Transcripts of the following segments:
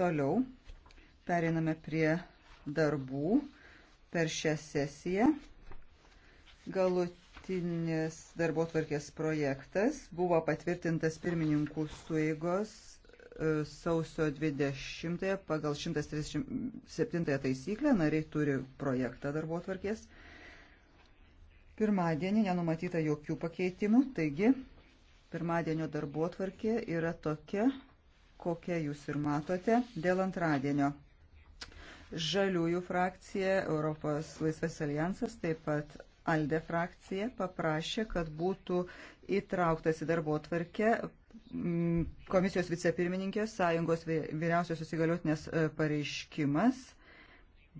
Toliau pereiname prie darbų per šią sesiją. Galutinės darbo tvarkės projektas buvo patvirtintas pirmininkų sueigos e, sausio 20 pagal 137 taisyklę nariai turi projektą darbo tvarkės. Pirmadienį nenumatyta jokių pakeitimų, taigi pirmadienio darbo tvarkė yra tokia, kokią jūs ir matote, dėl antradienio. Žaliųjų frakcija, Europos laisvės alijansas, taip pat Alde frakcija paprašė, kad būtų įtrauktas į darbo tvarkę mm, komisijos vicepirmininkės sąjungos vyriausios susigaliotinės e, pareiškimas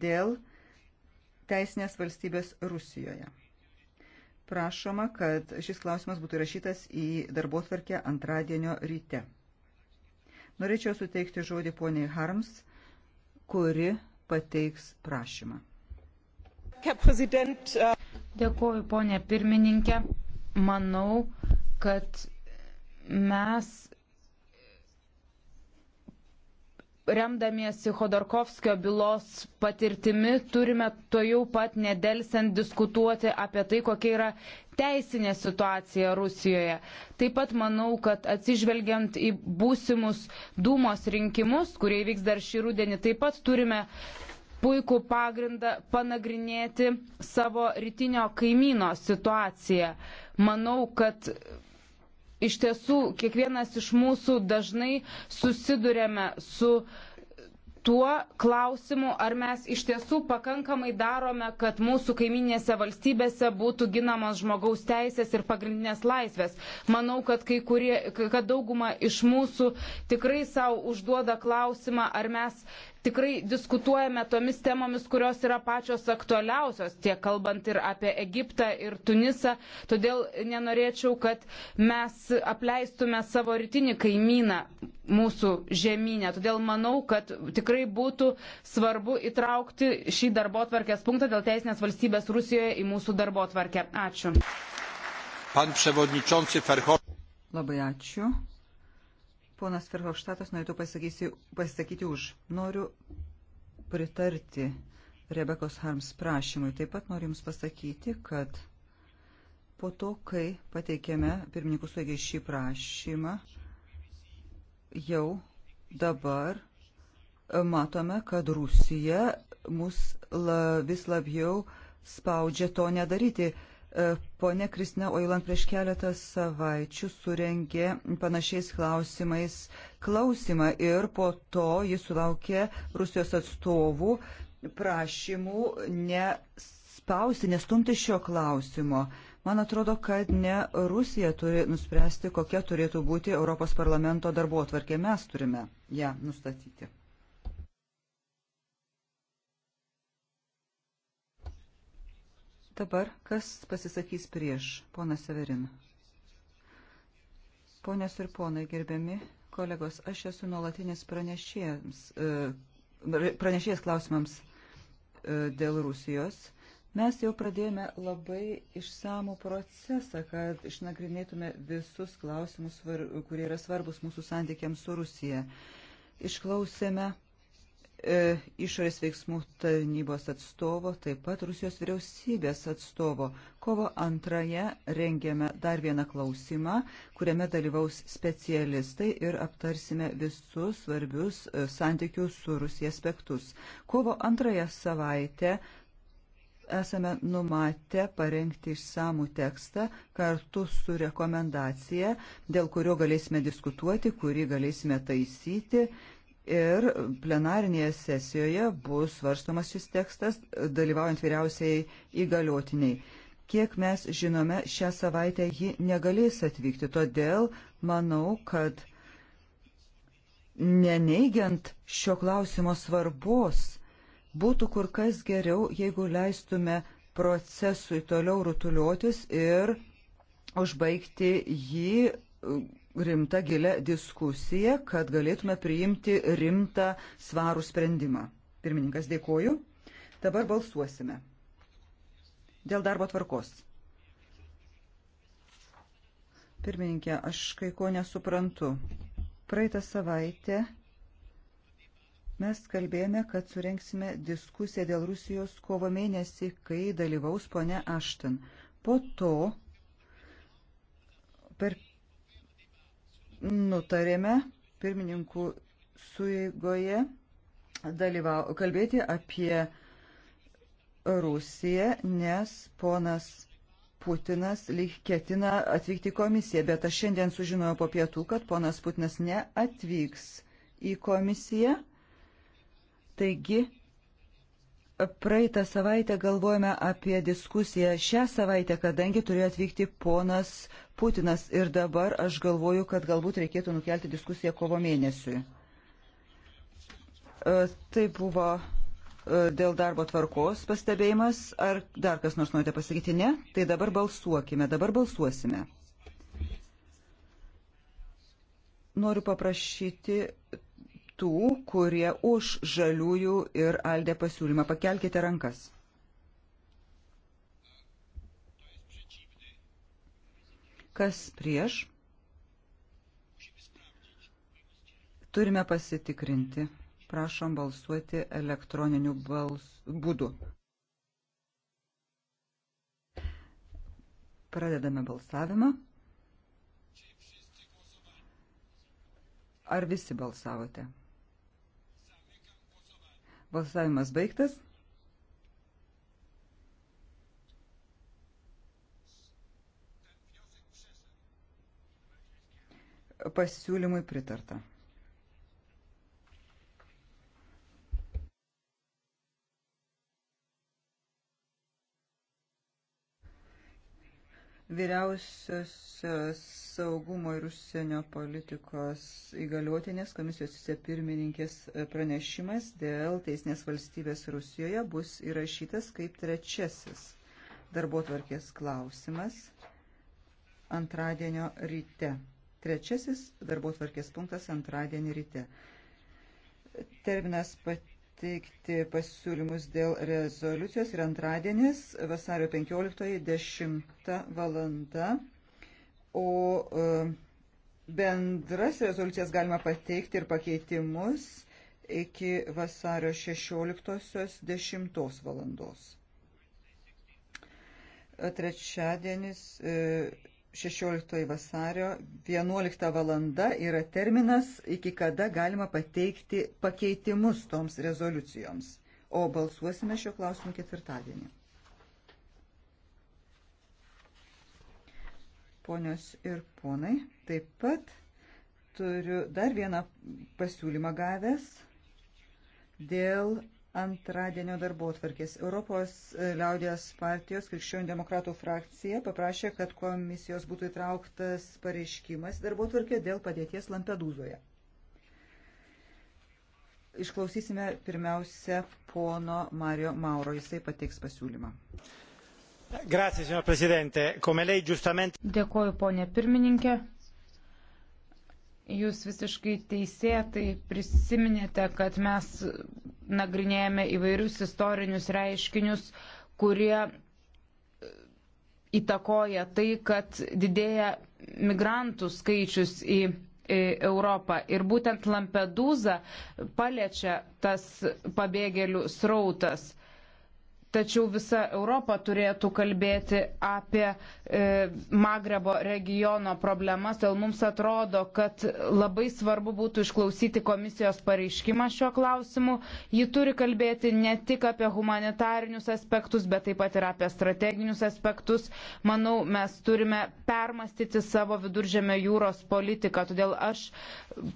dėl teisinės valstybės Rusijoje. Prašoma, kad šis klausimas būtų rašytas į darbo tvarkę antradienio ryte. Norėčiau suteikti žodį poniai Harms, kuri pateiks prašymą. Äh, Dėkuoju, ponė pirmininkė. Manau, kad mes remdamiesi Khodorkovskio bylos patirtimi, turime to jau pat nedelsiant diskutuoti apie tai, kokia yra teisinė situacija Rusijoje. Taip pat manau, kad atsižvelgiant į būsimus Dūmos rinkimus, kurie vyks dar šį rudenį, taip pat turime puikų pagrindą panagrinėti savo rytinio kaimyno situaciją. Manau, kad iš tiesų kiekvienas iš mūsų dažnai susidurėme su tuo klausimu, ar mes iš tiesų pakankamai darome, kad mūsų kaiminėse valstybėse būtų ginamos žmogaus teisės ir pagrindinės laisvės. Manau, kad, kurie, kad dauguma iš mūsų tikrai savo užduoda klausimą, ar mes tikrai diskutuojame tomis temomis, kurios yra pačios aktualiausios, tiek kalbant ir apie Egiptą ir Tunisą. Todėl nenorėčiau, kad mes apleistume savo rytinį kaimyną mūsų žemynę. Todėl manau, kad tikrai būtų svarbu įtraukti šį darbo tvarkės punktą dėl teisinės valstybės Rusijoje į mūsų darbo tvarkę. Ačiū. Pan Labai ačiū. Ponas Ferhofštatas norėtų pasakyti už. Noriu pritarti Rebekos Harms prašymui. Taip pat noriu Jums pasakyti, kad po to, kai pateikėme pirmininkų suėgiai šį prašymą, jau dabar e, matome, kad Rusija mus la, vis labiau spaudžia to nedaryti. E, Pone Kristina Oiland prieš keletą savaičių surengė panašiais klausimais klausimą ir po to jis sulaukė Rusijos atstovų prašymų nespausti, nestumti šio klausimo. Man atrodo, kad ne Rusija turi nuspręsti, kokia turėtų būti Europos parlamento darbo atvarkė. Mes turime ją nustatyti. Dabar kas pasisakys prieš, ponas Severin? Ponios ir ponai, gerbiami kolegos, aš esu nuolatinis pranešėjas, e, pranešėjas klausimams e, dėl Rusijos. Mes jau pradėjome labai išsamų procesą, kad išnagrinėtume visus klausimus, kurie yra svarbus mūsų santykiams su Rusija. Išklausėme E, išorės veiksmų tarnybos atstovo, taip pat Rusijos vyriausybės atstovo. Kovo antraje rengiame dar vieną klausimą, kuriame dalyvaus specialistai ir aptarsime visus svarbius e, santykių su Rusija aspektus. Kovo antrąją savaitę esame numatę parengti išsamų tekstą kartu su rekomendacija, dėl kurio galėsime diskutuoti, kurį galėsime taisyti Ir plenarinėje sesijoje bus svarstomas šis tekstas, dalyvaujant vyriausiai įgaliotiniai. Kiek mes žinome, šią savaitę ji negalės atvykti, todėl manau, kad neneigiant šio klausimo svarbos, būtų kur kas geriau, jeigu leistume procesui toliau rutuliotis ir užbaigti jį rimtą gilę diskusiją, kad galėtume priimti rimtą svarų sprendimą. Pirmininkas, dėkoju. Dabar balsuosime. Dėl darbo tvarkos. Pirmininkė, aš kai ko nesuprantu. Praeitą savaitę mes kalbėjome, kad surenksime diskusiją dėl Rusijos kovo mėnesį, kai dalyvaus ponia Ašten. Po to per nutarėme pirmininkų sueigoje dalyvau, kalbėti apie Rusiją, nes ponas Putinas lyg ketina atvykti į komisiją, bet aš šiandien sužinojau po pietų, kad ponas Putinas neatvyks į komisiją. Taigi Praeitą savaitę galvojame apie diskusiją šią savaitę, kadangi turėjo atvykti ponas Putinas ir dabar aš galvoju, kad galbūt reikėtų nukelti diskusiją kovo mėnesiui. E, tai buvo e, dėl darbo tvarkos pastebėjimas. Ar dar kas nors norite pasakyti ne? Tai dabar balsuokime, dabar balsuosime. Noriu paprašyti tų, kurie už žaliųjų ir aldė pasiūlymą. Pakelkite rankas. Kas prieš? Turime pasitikrinti. Prašom balsuoti elektroniniu bals... būdu. Pradedame balsavimą. Ar visi balsavote? Balsavimas baigtas. Pasiūlymui pritarta. vyriausiosios e, saugumo ir užsienio politikos įgaliotinės komisijos vicepirmininkės e, pranešimas dėl teisinės valstybės Rusijoje bus įrašytas kaip trečiasis darbo tvarkės klausimas antradienio ryte. Trečiasis darbo tvarkės punktas antradienį ryte. Terminas pat pateikti pasiūlymus dėl rezoliucijos ir antradienis vasario 15.10 valanda, o e, bendras rezoliucijas galima pateikti ir pakeitimus iki vasario 16.10 valandos. E, trečiadienis e, 16 vasario 11 valanda yra terminas, iki kada galima pateikti pakeitimus toms rezoliucijoms, o balsuosime šio klausimu ketvirtadienį. Ponios ir ponai, taip pat turiu dar vieną pasiūlymą gavęs dėl antradienio darbo atvarkės. Europos liaudės partijos krikščionių demokratų frakcija paprašė, kad komisijos būtų įtrauktas pareiškimas darbo atvarkė dėl padėties Lampedūzoje. Išklausysime pirmiausia pono Mario Mauro, jisai pateiks pasiūlymą. Grazie, signor Presidente. Come lei giustamente... Dėkoju, ponė pirmininkė. Jūs visiškai teisėtai prisiminėte, kad mes nagrinėjame įvairius istorinius reiškinius, kurie e, įtakoja tai, kad didėja migrantų skaičius į Europą. Ir būtent Lampedūza paliečia tas pabėgėlių srautas tačiau visa Europa turėtų kalbėti apie e, Magrebo regiono problemas. Todėl mums atrodo, kad labai svarbu būtų išklausyti komisijos pareiškimą šiuo klausimu. Ji turi kalbėti ne tik apie humanitarinius aspektus, bet taip pat ir apie strateginius aspektus. Manau, mes turime permastyti savo viduržėme jūros politiką. Todėl aš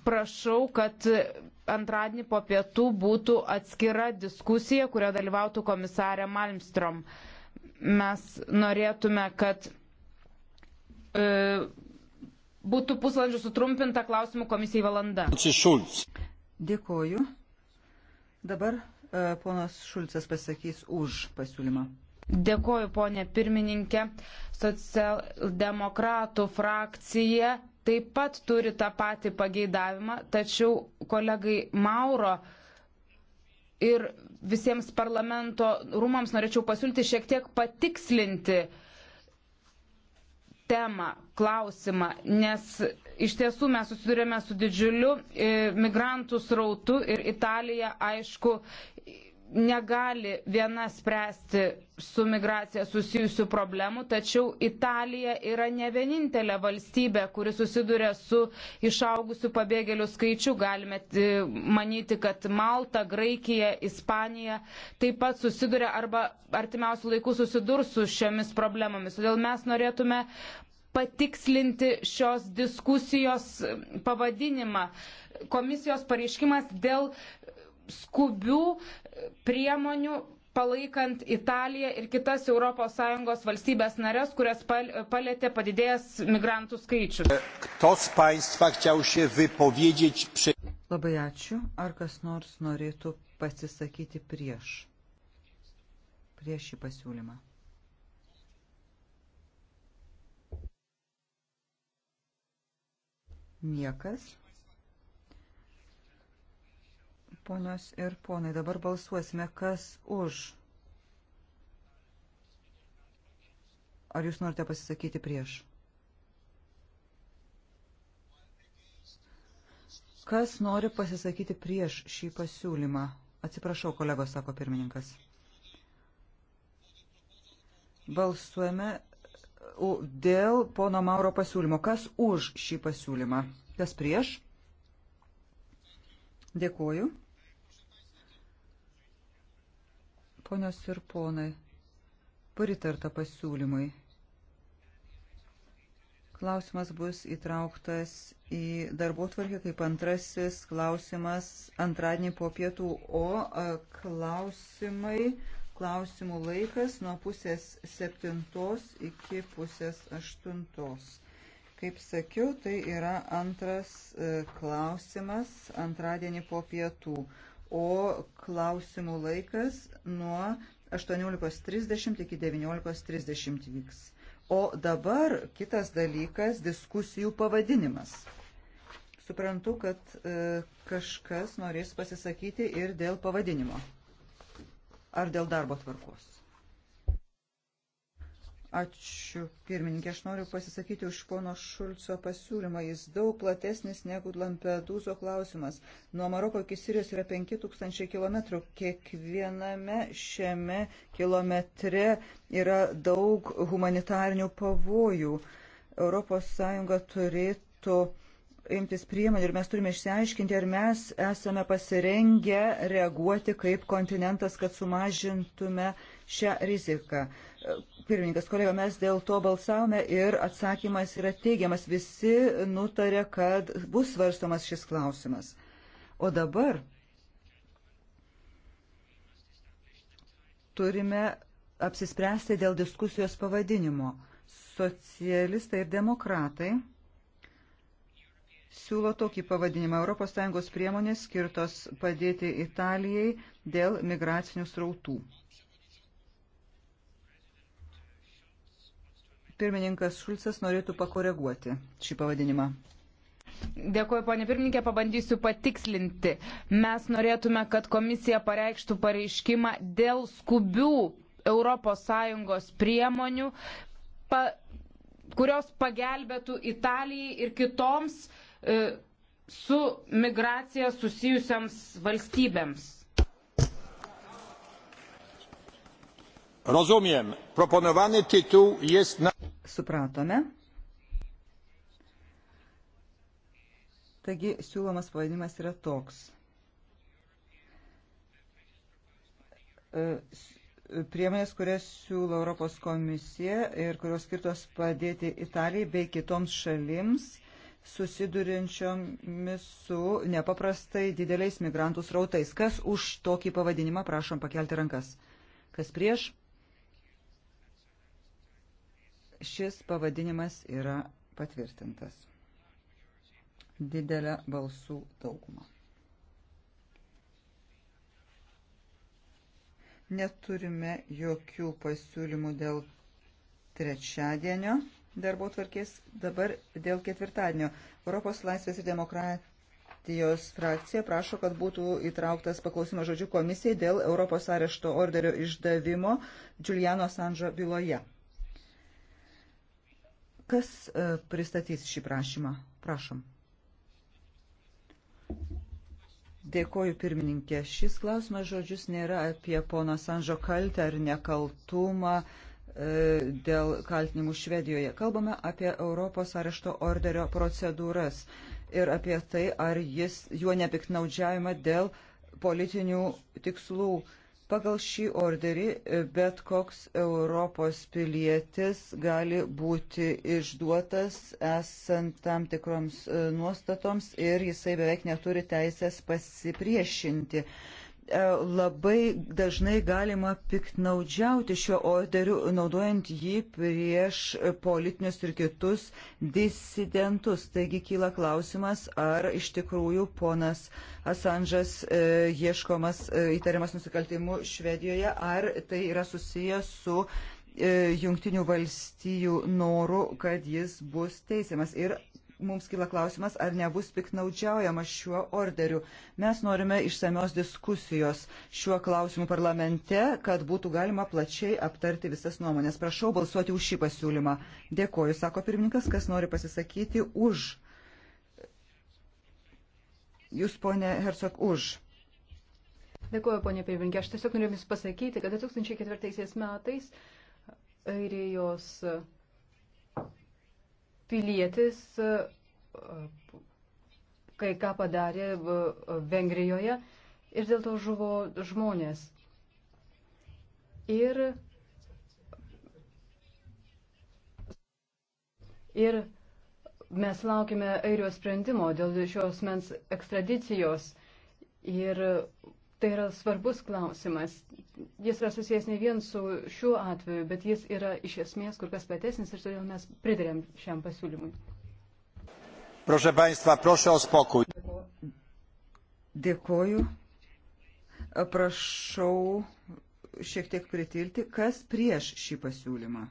prašau, kad antradienį po pietų būtų atskira diskusija, kurio dalyvautų komisarė Malmstrom. Mes norėtume, kad e, būtų pusvalandžių sutrumpinta klausimų komisijai valanda. Dėkoju. Dabar e, ponas Šulcas pasakys už pasiūlymą. Dėkoju, ponė pirmininkė. Socialdemokratų frakcija taip pat turi tą patį pageidavimą, tačiau kolegai Mauro ir visiems parlamento rūmams norėčiau pasiūlyti šiek tiek patikslinti temą, klausimą, nes iš tiesų mes susidurėme su didžiuliu e, migrantų srautu ir Italija, aišku, negali viena spręsti su migracija susijusių problemų, tačiau Italija yra ne vienintelė valstybė, kuri susiduria su išaugusiu pabėgėlių skaičiu. Galime e, manyti, kad Malta, Graikija, Ispanija taip pat susiduria arba artimiausių laikų susidurs su šiomis problemomis. Todėl mes norėtume patikslinti šios diskusijos pavadinimą. Komisijos pareiškimas dėl skubių priemonių palaikant Italiją ir kitas ES valstybės narės, kurias palėtė padidėjęs migrantų skaičius. Labai ačiū. Ar kas nors norėtų pasisakyti prieš? Prieš šį pasiūlymą. Niekas. Ponios ir ponai, dabar balsuosime, kas už. Ar jūs norite pasisakyti prieš? Kas nori pasisakyti prieš šį pasiūlymą? Atsiprašau, kolegos, sako pirmininkas. Balsuojame dėl pono Mauro pasiūlymo. Kas už šį pasiūlymą? Kas prieš? Dėkuoju. Ponios ir ponai, pritarta pasiūlymui. Klausimas bus įtrauktas į darbo tvarkę kaip antrasis klausimas antradienį po pietų, o klausimai, klausimų laikas nuo pusės septintos iki pusės aštuntos. Kaip sakiau, tai yra antras e, klausimas antradienį po pietų o klausimų laikas nuo 18.30 iki 19.30 vyks. O dabar kitas dalykas - diskusijų pavadinimas. Suprantu, kad e, kažkas norės pasisakyti ir dėl pavadinimo. Ar dėl darbo tvarkos. Ačiū, pirmininkė. Aš noriu pasisakyti už pono Šulco pasiūlymą. Jis daug platesnis negu Lampedūzo klausimas. Nuo Maroko iki Sirijos yra 5000 km. Kiekviename šiame kilometre yra daug humanitarnių pavojų. ES turėtų imtis priemonių ir mes turime išsiaiškinti, ar mes esame pasirengę reaguoti kaip kontinentas, kad sumažintume šią riziką. Pirmininkas, kolega, mes dėl to balsavome ir atsakymas yra teigiamas. Visi nutarė, kad bus svarstomas šis klausimas. O dabar turime apsispręsti dėl diskusijos pavadinimo. Socialistai ir demokratai siūlo tokį pavadinimą ES priemonės skirtos padėti Italijai dėl migracinių srautų. Pirmininkas Šulcas norėtų pakoreguoti šį pavadinimą. Dėkuoju, ponė pirmininkė, pabandysiu patikslinti. Mes norėtume, kad komisija pareikštų pareiškimą dėl skubių ES priemonių, pa, kurios pagelbėtų Italijai ir kitoms e, su migracija susijusiams valstybėms. Rozumiem. Proponowany tytuł jest na supratome. Taigi siūlomas pavadinimas yra toks. E, priemonės, kurias siūlo Europos komisija ir kurios skirtos padėti Italijai bei kitoms šalims susidurinčiomis su nepaprastai dideliais migrantų srautais. Kas už tokį pavadinimą, prašom pakelti rankas. Kas prieš? Šis pavadinimas yra patvirtintas. Didelė balsų dauguma. Neturime jokių pasiūlymų dėl trečiadienio darbo tvarkės, dabar dėl ketvirtadienio. Europos laisvės ir demokratijos partijos frakcija prašo, kad būtų įtrauktas paklausimo žodžių komisijai dėl Europos arešto orderio išdavimo Giuliano Sanžo byloje. Kas e, pristatys šį prašymą? Prašom. Dėkoju pirmininkė. Šis klausimas žodžius nėra apie pono Sanžo kaltę ar nekaltumą e, dėl kaltinimų Švedijoje. Kalbame apie Europos arešto orderio procedūras ir apie tai, ar jis juo nepiknaudžiavimą dėl politinių tikslų. Pagal šį orderį e, bet koks Europos pilietis gali būti išduotas esant tam tikroms e, nuostatoms ir jisai beveik neturi teisės pasipriešinti. E, labai dažnai galima piktnaudžiauti šiuo orderiu, naudojant jį prieš politinius ir kitus disidentus. Taigi kyla klausimas, ar iš tikrųjų ponas Asanžas e, ieškomas, e, įtariamas nusikaltimu Švedijoje, ar tai yra susijęs su e, jungtinių valstijų noru, kad jis bus teisiamas. Ir mums kyla klausimas, ar nebus piknaudžiaujama šiuo orderiu. Mes norime išsamios diskusijos šiuo klausimu parlamente, kad būtų galima plačiai aptarti visas nuomonės. Prašau balsuoti už šį pasiūlymą. Dėkoju, sako pirmininkas, kas nori pasisakyti už. Jūs, ponė Hercog, už. Dėkuoju, ponė pirmininkė. Aš tiesiog norėjau Jums pasakyti, kad 2004 metais airijos. Uh, pilietis e, kai ką padarė e, Vengrijoje ir dėl to žuvo žmonės. Ir, ir mes laukime airijos sprendimo dėl šios mens ekstradicijos. Ir tai yra svarbus klausimas, jis yra susijęs ne vien su šiuo atveju, bet jis yra iš esmės kur kas platesnis ir todėl mes pridarėm šiam pasiūlymui. Proszę Państwa, proszę o spokój. Dėkoju. Prašau šiek tiek pritilti, kas prieš šį pasiūlymą.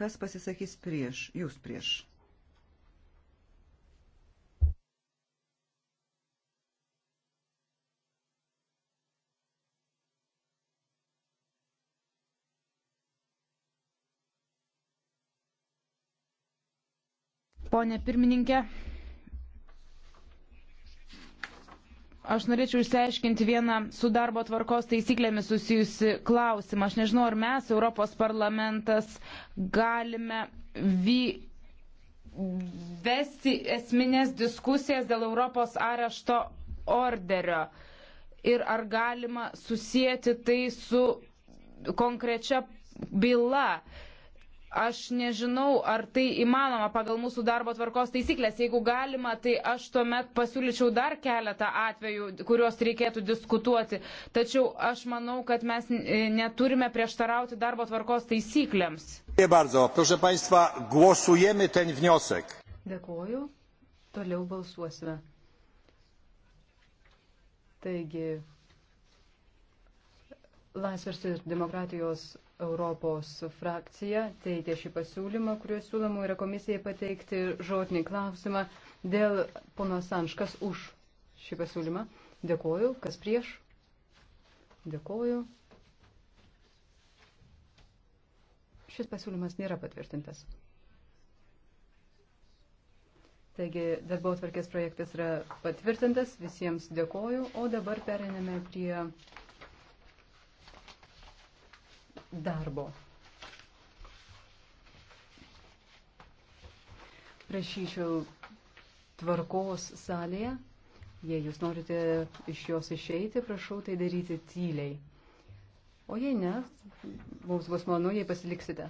Kas pasisakys prieš, jūs prieš. Pone pirmininkė, aš norėčiau išsiaiškinti vieną su darbo tvarkos taisyklėmis susijusi klausimą. Aš nežinau, ar mes, Europos parlamentas, galime vy... vesti esminės diskusijas dėl Europos arešto orderio ir ar galima susijęti tai su konkrečia byla. Aš nežinau, ar tai įmanoma pagal mūsų darbo tvarkos taisyklės. Jeigu galima, tai aš tuomet pasiūlyčiau dar keletą atvejų, kuriuos reikėtų diskutuoti. Tačiau aš manau, kad mes e, neturime prieštarauti darbo tvarkos taisyklėms. Dėkuoju. Toliau balsuosime. Taigi, Laisvės ir demokratijos Europos frakcija teikė tai šį pasiūlymą, kuriuo siūloma yra komisijai pateikti žodinį klausimą dėl pono Sanškas už šį pasiūlymą. Dėkoju. Kas prieš? Dėkoju. Šis pasiūlymas nėra patvirtintas. Taigi darbo atvarkės projektas yra patvirtintas, visiems dėkoju, o dabar periname prie darbo. Prašyčiau tvarkos salėje. Jei jūs norite iš jos išeiti, prašau tai daryti tyliai. O jei ne, mums bus malonu, jei pasiliksite.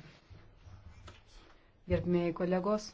Gerbėjai kolegos,